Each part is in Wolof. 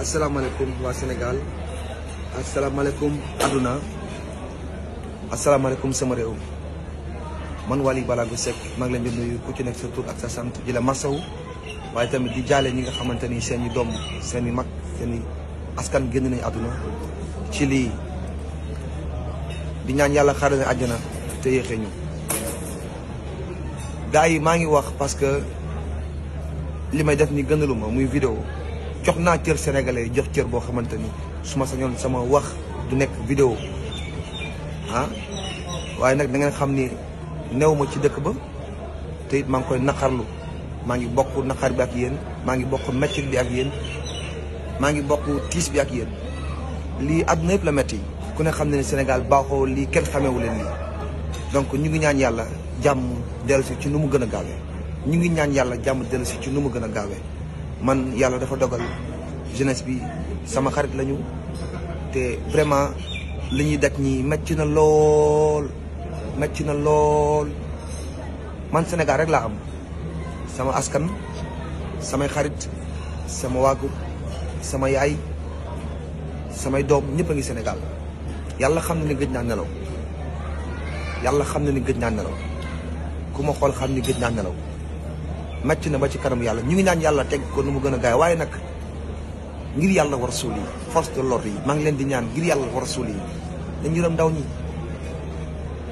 Assalamualaikum wa Senegal. Assalamualaikum aduna. Assalamualaikum sama rew. man wali Balago Seck maa ngi leen di nuyu ku ci nek sa tour ak sa sant di la masawu waaye tamit di jale ñi nga xamanteni seen i seen i mag seen askan genn nañ aduna ci li di ñaan yalla xaaral na te yexé ñu gaay yi ma ngi wax parce que limay def ni gënaluma muy vidéo jox naa cër sénégalais jox cër bo xamanteni suma sañon sama wax du nek vidéo ah waye nak da ngeen xam ni new ci dëkk ba te it mang koy naqarlu maa ngi bokk naqar bi ak yeen maa ngi bokk métit bi ak yeen maa ngi bokk tiis bi ak yeen li àdduna yëpp la metti ku ne xam ne Sénégal baaxoo li kenn xamewu leen donc ñu ngi ñaan yalla jamm delsi ci numu gëna gën ñu ngi ñaan yalla jamm delsi ci numu gëna gën man yàlla dafa dogal jeunesse bi sama xarit lañu te vraiment li ñuy daj ñi metti na lool metti na lool man Sénégal rek laa am sama askan samay xarit sama waajur sama yaay samay doom ñëpp a ngi Sénégal yàlla xam na ni gëj nelaw yàlla xam na ni gëj naa nelaw ku ma xool xam ni gëj naa nelaw màcc na ba ci kanam yàlla ñu ngi naan yàlla teg ko nu mu gën a gaay waaye nag ngir yàlla war suul yi force de l'ordre yi maa leen di ñaan ngir yàlla war suul yi nañ yërëm ndaw ñi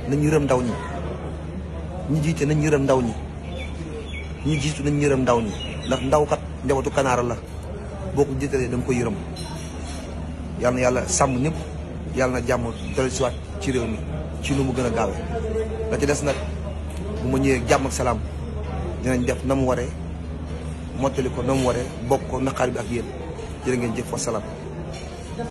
nañ yërëm ndaw ñi ñi jiite nañ yërëm ndaw ñi ñi jiitu nañ yërëm ndaw ñi ndax ndaw kat njabootu kanaara la boo ko jiitalee da nga ko yërëm yàlla na yàlla sàmm ñëpp yàlla na jàmm dellu siwaat ci réew mi ci nu mu gën a gaawee la ci des nag bu ma ñëwee jàmm ak salaam dinañ def na mu waree mottali ko na mu waree bokk na naqaar bi ak yéen jërë ngeen jëf wasalaam